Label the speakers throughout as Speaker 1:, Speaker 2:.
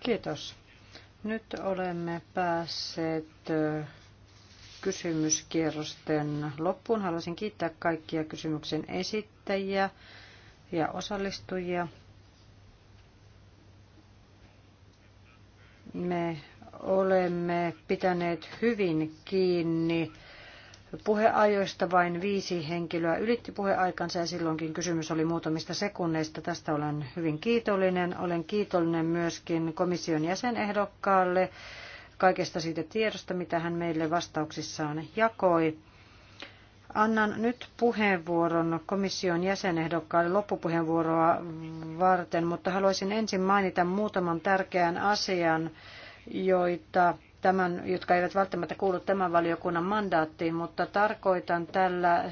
Speaker 1: Kiitos. Nyt olemme päässeet e, kysymyskierrosten loppuun. Haluaisin kiittää kaikkia kysymyksen esittäjiä ja osallistujia. Me olemme pitäneet hyvin kiinni puheajoista vain viisi henkilöä ylitti puheaikansa ja silloinkin kysymys oli muutamista sekunneista. Tästä olen hyvin kiitollinen. Olen kiitollinen myöskin komission jäsenehdokkaalle kaikesta siitä tiedosta, mitä hän meille vastauksissaan jakoi. Annan nyt puheenvuoron komission jäsenehdokkaalle loppupuheenvuoroa varten, mutta haluaisin ensin mainita muutaman tärkeän asian, joita tämän, jotka eivät välttämättä kuulu tämän valiokunnan mandaattiin, mutta tarkoitan tällä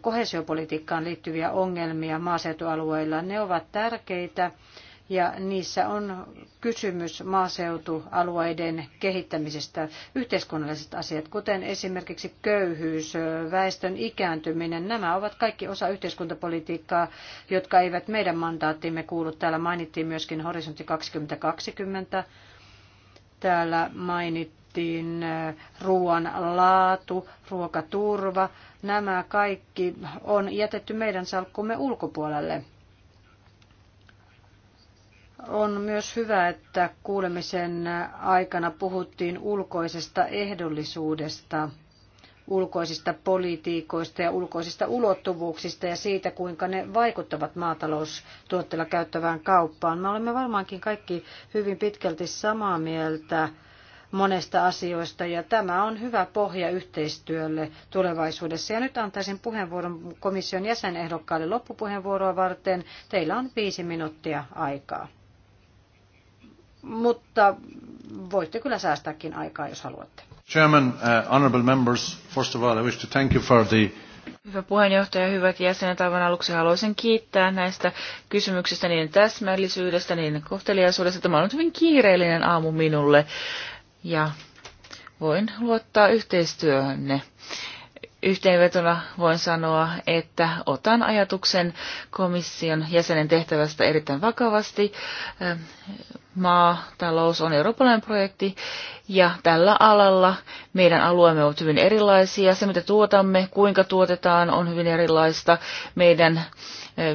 Speaker 1: kohesiopolitiikkaan liittyviä ongelmia maaseutualueilla. Ne ovat tärkeitä ja niissä on kysymys maaseutualueiden kehittämisestä, yhteiskunnalliset asiat, kuten esimerkiksi köyhyys, väestön ikääntyminen. Nämä ovat kaikki osa yhteiskuntapolitiikkaa, jotka eivät meidän mandaattimme kuulu. Täällä mainittiin myöskin horisontti 2020 Täällä mainittiin äh, ruoan laatu, ruokaturva. Nämä kaikki on jätetty meidän salkkumme ulkopuolelle. On myös hyvä, että kuulemisen aikana puhuttiin ulkoisesta ehdollisuudesta – ulkoisista politiikoista ja ulkoisista ulottuvuuksista ja siitä, kuinka ne vaikuttavat maataloustuotteilla käyttävään kauppaan. Me olemme varmaankin kaikki hyvin pitkälti samaa mieltä monesta asioista ja tämä on hyvä pohja yhteistyölle tulevaisuudessa. Ja nyt antaisin puheenvuoron komission jäsenehdokkaalle loppupuheenvuoroa varten. Teillä on viisi minuuttia aikaa. Mutta voitte kyllä säästääkin aikaa, jos haluatte. Chairman, uh, members, first of all, I wish to thank you for the
Speaker 2: Hyvä puheenjohtaja, hyvät jäsenet, aivan aluksi haluaisin kiittää näistä kysymyksistä, niiden täsmällisyydestä, niiden kohteliaisuudesta. Tämä on ollut hyvin kiireellinen aamu minulle ja voin luottaa yhteistyöhönne. Yhteenvetona voin sanoa, että otan ajatuksen komission jäsenen tehtävästä erittäin vakavasti maatalous on eurooppalainen projekti ja tällä alalla meidän alueemme ovat hyvin erilaisia. Se, mitä tuotamme, kuinka tuotetaan, on hyvin erilaista. Meidän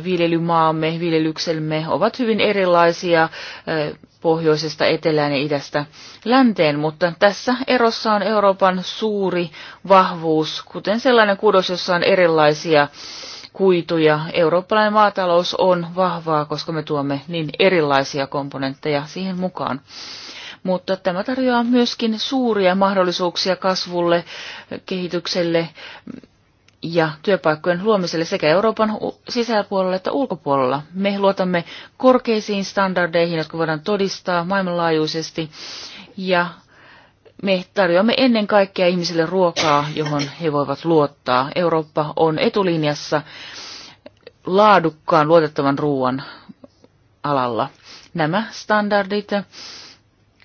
Speaker 2: viljelymaamme, viljelyksemme ovat hyvin erilaisia pohjoisesta etelään ja idästä länteen, mutta tässä erossa on Euroopan suuri vahvuus, kuten sellainen kudos, jossa on erilaisia kuituja. Eurooppalainen maatalous on vahvaa, koska me tuomme niin erilaisia komponentteja siihen mukaan. Mutta tämä tarjoaa myöskin suuria mahdollisuuksia kasvulle, kehitykselle ja työpaikkojen luomiselle sekä Euroopan sisäpuolella että ulkopuolella. Me luotamme korkeisiin standardeihin, jotka voidaan todistaa maailmanlaajuisesti ja me tarjoamme ennen kaikkea ihmisille ruokaa, johon he voivat luottaa. Eurooppa on etulinjassa laadukkaan luotettavan ruoan alalla. Nämä standardit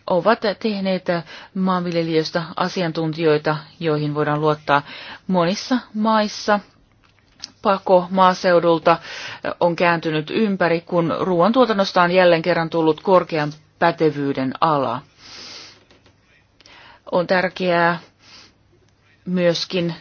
Speaker 2: ovat tehneet maanviljelijöistä asiantuntijoita, joihin voidaan luottaa monissa maissa. Pako maaseudulta on kääntynyt ympäri, kun ruoantuotannosta on jälleen kerran tullut korkean pätevyyden ala on tärkeää myöskin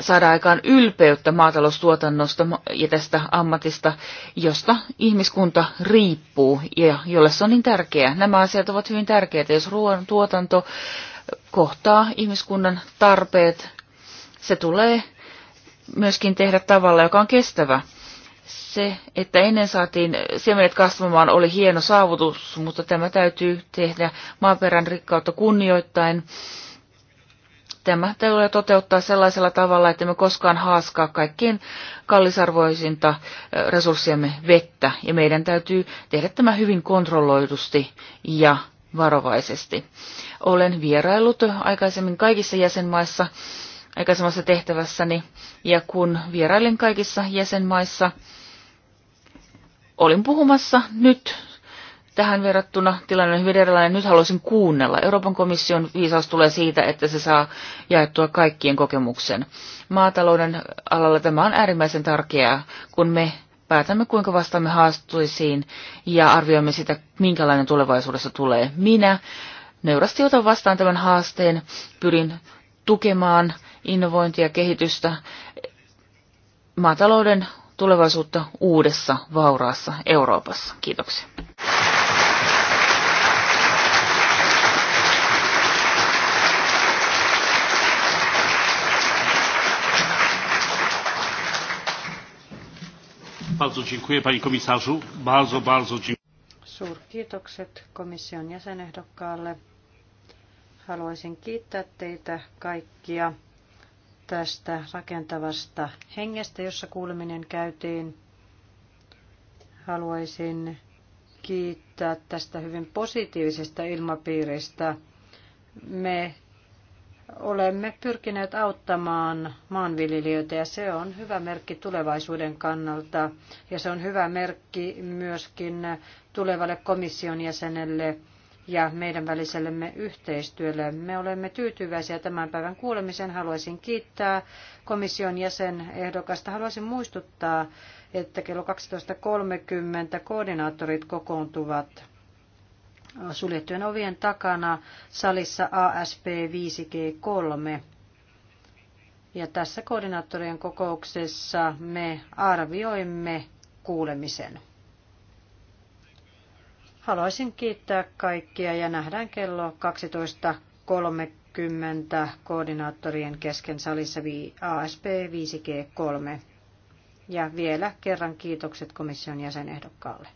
Speaker 2: saada aikaan ylpeyttä maataloustuotannosta ja tästä ammatista, josta ihmiskunta riippuu ja jolle se on niin tärkeää. Nämä asiat ovat hyvin tärkeitä. Jos ruoan tuotanto kohtaa ihmiskunnan tarpeet, se tulee myöskin tehdä tavalla, joka on kestävä se, että ennen saatiin siemenet kasvamaan, oli hieno saavutus, mutta tämä täytyy tehdä maaperän rikkautta kunnioittain. Tämä tulee toteuttaa sellaisella tavalla, että me koskaan haaskaa kaikkien kallisarvoisinta resurssiamme vettä. Ja meidän täytyy tehdä tämä hyvin kontrolloidusti ja varovaisesti. Olen vieraillut aikaisemmin kaikissa jäsenmaissa aikaisemmassa tehtävässäni ja kun vierailin kaikissa jäsenmaissa, olin puhumassa nyt tähän verrattuna tilanne on hyvin erilainen. Nyt haluaisin kuunnella. Euroopan komission viisaus tulee siitä, että se saa jaettua kaikkien kokemuksen. Maatalouden alalla tämä on äärimmäisen tärkeää, kun me päätämme, kuinka vastaamme haastuisiin ja arvioimme sitä, minkälainen tulevaisuudessa tulee. Minä nöyrästi otan vastaan tämän haasteen, pyrin tukemaan innovointia ja kehitystä, maatalouden tulevaisuutta uudessa vauraassa Euroopassa. Kiitoksia.
Speaker 1: Bardzo dziękuję panie komisarzu. Bardzo, bardzo dziękuję. Suurkiitokset komission jäsenehdokkaalle. Haluaisin kiittää teitä kaikkia tästä rakentavasta hengestä, jossa kuuleminen käytiin. Haluaisin kiittää tästä hyvin positiivisesta ilmapiiristä. Me olemme pyrkineet auttamaan maanviljelijöitä ja se on hyvä merkki tulevaisuuden kannalta ja se on hyvä merkki myöskin tulevalle komission jäsenelle ja meidän välisellemme yhteistyölle. Me olemme tyytyväisiä tämän päivän kuulemisen. Haluaisin kiittää komission jäsenehdokasta. Haluaisin muistuttaa, että kello 12.30 koordinaattorit kokoontuvat suljettujen ovien takana salissa ASP 5G3. Ja tässä koordinaattorien kokouksessa me arvioimme kuulemisen. Haluaisin kiittää kaikkia ja nähdään kello 12.30 koordinaattorien kesken salissa ASP 5G3. Ja vielä kerran kiitokset komission jäsenehdokkaalle.